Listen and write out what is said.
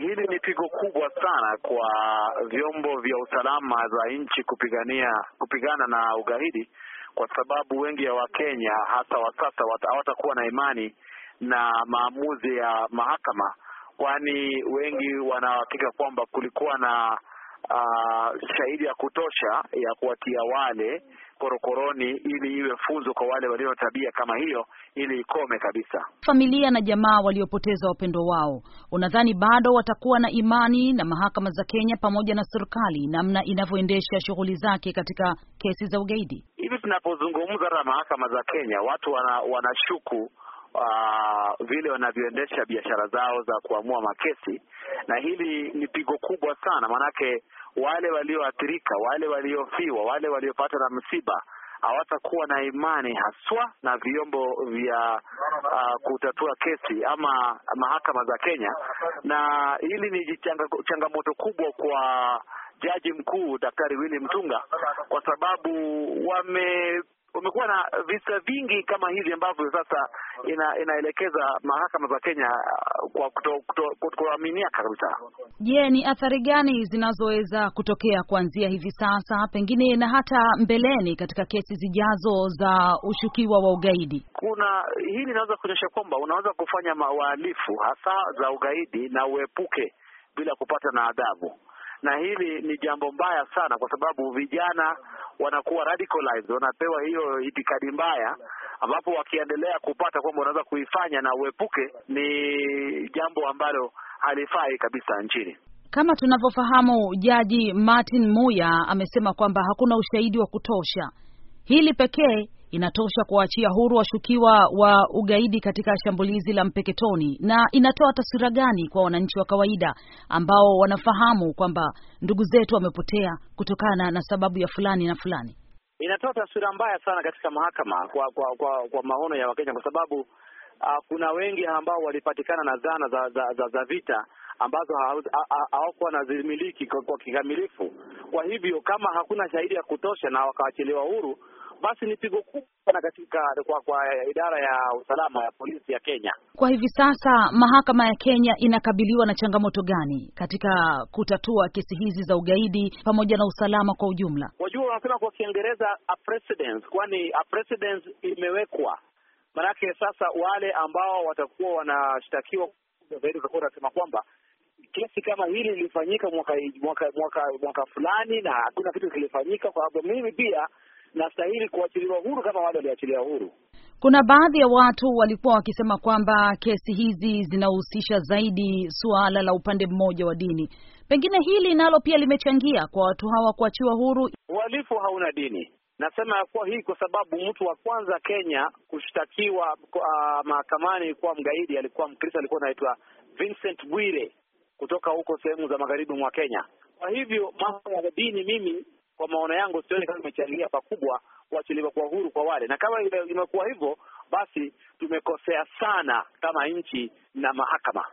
Hili ni pigo kubwa sana kwa vyombo vya usalama za nchi kupigania kupigana na ugaidi, kwa sababu wengi ya Wakenya hasa wa sasa hawatakuwa na imani na maamuzi ya mahakama, kwani wengi wanahakika kwamba kulikuwa na uh, shahidi ya kutosha ya kuwatia wale korokoroni ili iwe funzo kwa wale walio tabia kama hiyo ili ikome kabisa. Familia na jamaa waliopoteza wapendo wao, unadhani bado watakuwa na imani na mahakama za Kenya pamoja na serikali namna inavyoendesha shughuli zake katika kesi za ugaidi? Hivi tunapozungumza, na mahakama za Kenya watu wana, wanashuku Uh, vile wanavyoendesha biashara zao za kuamua makesi, na hili ni pigo kubwa sana, maanake wale walioathirika, wale waliofiwa, wale waliopata na msiba hawatakuwa na imani haswa na vyombo vya uh, kutatua kesi ama mahakama za Kenya, na hili ni changamoto kubwa kwa jaji mkuu Daktari Willy Mtunga kwa sababu wame umekuwa na visa vingi kama hivi ambavyo sasa ina, inaelekeza mahakama za Kenya kwa kutoaminia kabisa. Je, ni athari gani zinazoweza kutokea kuanzia hivi sasa pengine na hata mbeleni katika kesi zijazo za ushukiwa wa ugaidi? Kuna hili linaweza kuonyesha kwamba unaweza kufanya mawalifu hasa za ugaidi na uepuke bila kupata na adhabu, na hili ni jambo mbaya sana, kwa sababu vijana wanakuwa radicalized, wanapewa hiyo itikadi mbaya ambapo wakiendelea kupata kwamba unaweza kuifanya na uepuke, ni jambo ambalo halifai kabisa nchini. Kama tunavyofahamu, Jaji Martin Muya amesema kwamba hakuna ushahidi wa kutosha. Hili pekee inatosha kuwaachia huru washukiwa wa ugaidi katika shambulizi la Mpeketoni. Na inatoa taswira gani kwa wananchi wa kawaida ambao wanafahamu kwamba ndugu zetu wamepotea kutokana na sababu ya fulani na fulani? inatoa taswira mbaya sana katika mahakama kwa kwa kwa, kwa maono ya Wakenya kwa sababu uh, kuna wengi ambao walipatikana na zana za, za, za, za vita ambazo hawakuwa nazimiliki kwa, kwa kikamilifu. Kwa hivyo kama hakuna shahidi ya kutosha na wakawachelewa huru, basi ni pigo kubwa sana kwa, kwa idara ya usalama ya polisi ya Kenya. Kwa hivi sasa mahakama ya Kenya inakabiliwa na changamoto gani katika kutatua kesi hizi za ugaidi pamoja na usalama kwa ujumla? Wajua wanasema kwa Kiingereza a precedence, kwani a precedence imewekwa, maanake sasa wale ambao watakuwa wanashtakiwa zaidi watakuwa wanasema kwamba kesi kama hili lilifanyika mwaka mwaka mwaka mwaka fulani na hakuna kitu kilifanyika, kwa sababu mimi pia nastahili kuachiliwa huru kama wale waliachiliwa huru. Kuna baadhi ya watu walikuwa wakisema kwamba kesi hizi zinahusisha zaidi suala la upande mmoja wa dini. Pengine hili nalo pia limechangia kwa watu hawa kuachiwa huru. Uhalifu hauna dini. Nasema ya kuwa hii kwa sababu mtu wa kwanza Kenya kushtakiwa uh, mahakamani kuwa mgaidi alikuwa Mkristo, alikuwa anaitwa Vincent Bwire kutoka huko sehemu za magharibi mwa Kenya. Kwa hivyo mambo ya dini mimi kwa maono yangu sioni kama imechangia pakubwa kuachiliwa kwa uhuru kwa wale, na kama imekuwa hivyo, basi tumekosea sana kama nchi na mahakama.